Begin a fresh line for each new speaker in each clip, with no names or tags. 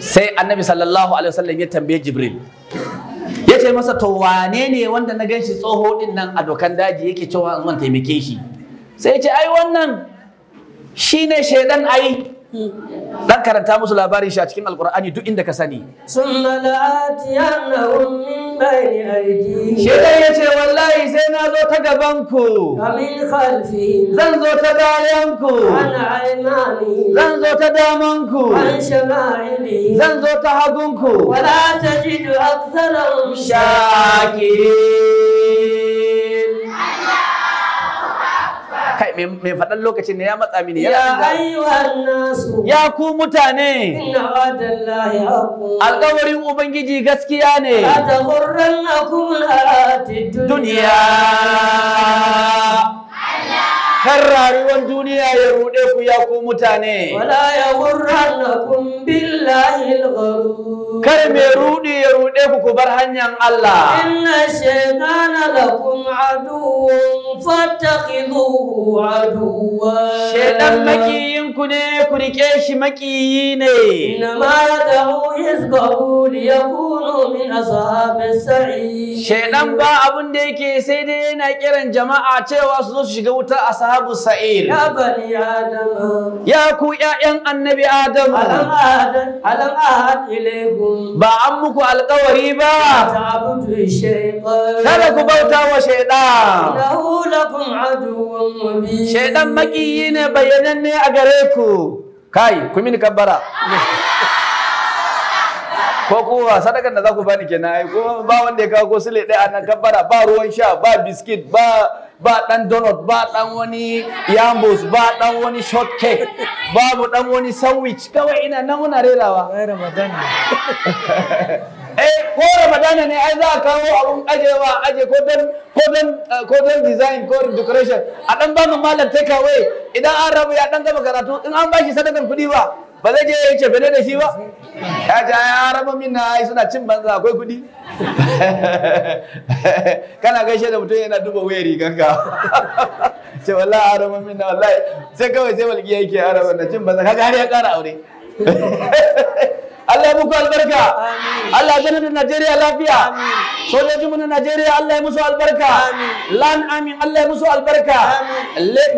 sai annabi sallallahu alaihi wasallam ya tambaye jibril ya ce masa to wane ne wanda na gan shi tsoho din nan a dokan daji yake cewa in taimake shi sai ya ce ai wannan shine shaidan ai dan karanta musu labarin shi a cikin alkur'ani duk inda ka sani summa la'atiyannahum min bayni aidi shaidan zo ta gabanku zan zo ta bayanku zan zo ta damanku zan zo ta hagunku wala ta tajidu aktharahum shaƙi. mai faɗan lokacin ne ya matsa mini ya nasu ya ku mutane alƙawarin ubangiji gaskiya ne duniya kan rayuwar duniya ya rude ku ya ku mutane wala ya gurrannakum billahi al-ghurur kar me ruɗi ya rude ku ku bar hanyan Allah inna shaytana lakum لكم عدو فاتخذوه عدوا شيطان مكيين كني كريكيش مكيين إنما يدعو حزبه ليكونوا من أصحاب السعير شيطان با أبن ديكي سيدين أكيرن جماعة تيوا سنوش شغوتا أصحاب السعير يا بني آدم يا كو يا ين النبي آدم ألم أهد ألم أهد إليكم با أمكو القوري با تعبد الشيطان kada ku bauta wa shaidan lahu lakum aduwwun mubin shaidan makiyi ne bayyananne a gare ku kai ku mini kabbara ko kowa sadakan da za ku bani kenan ai ko ba wanda ya kawo sule ɗaya a nan kabbara ba ruwan sha ba biskit ba ba dan donut ba dan wani yambos ba dan wani shortcake babu dan wani sandwich kawai ina nan muna rerawa Eh, ko ramadana ne ai za a kawo abun ajewa aje ko dan ko dan eh, ko dan design ko decoration a dan ba mun malam take away idan an rabu ya dan gama karatu in an bashi sadakar kudi ba ba zai je ya ce bane da shi ba ya ce ai rabu min na ai suna cin banza akwai kudi? kana gaishe da mutum yana duba wayar riganka ce wallahi rabu min na wallahi sai kawai sai walƙiya yake arabu na cin banza kaga har ya kara aure Allah ya muku albarka Allah ya da Najeriya lafiya سولي جمعنا نجيري الله مسوى البركة لان آمين الله مسوى البركة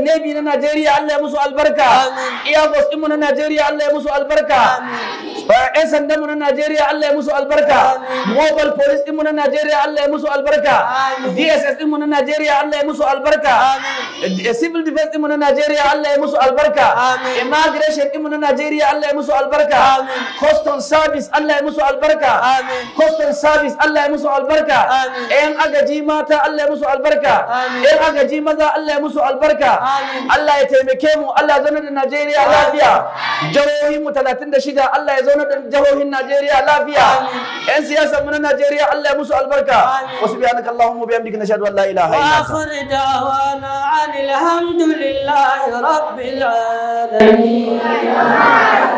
نبينا نجيري الله مسوى البركة إياغوس إمنا نجيري الله مسوى البركة إسان دمنا نجيري الله مسوى البركة موبل فوريس إمنا نجيري الله مسوى البركة دي اس اس إمنا نجيري الله مسوى البركة سيفل ديفنس إمنا نجيري الله مسوى البركة إماجريشن إمنا نجيري الله مسوى البركة كوستون سابيس الله مسوى البركة كوستون سابيس الله مسوى البركة albarka yan agaji mata Allah ya musu albarka yan agaji maza Allah ya musu albarka Allah ya taimake mu Allah ya zauna da Najeriya lafiya jihohin mu 36 Allah ya zauna da jihohin Najeriya lafiya yan siyasa mu na Najeriya Allah ya musu albarka wa subhanaka allahumma bihamdika nashhadu an la ilaha illa anta akhir da'wana alhamdulillahi rabbil alamin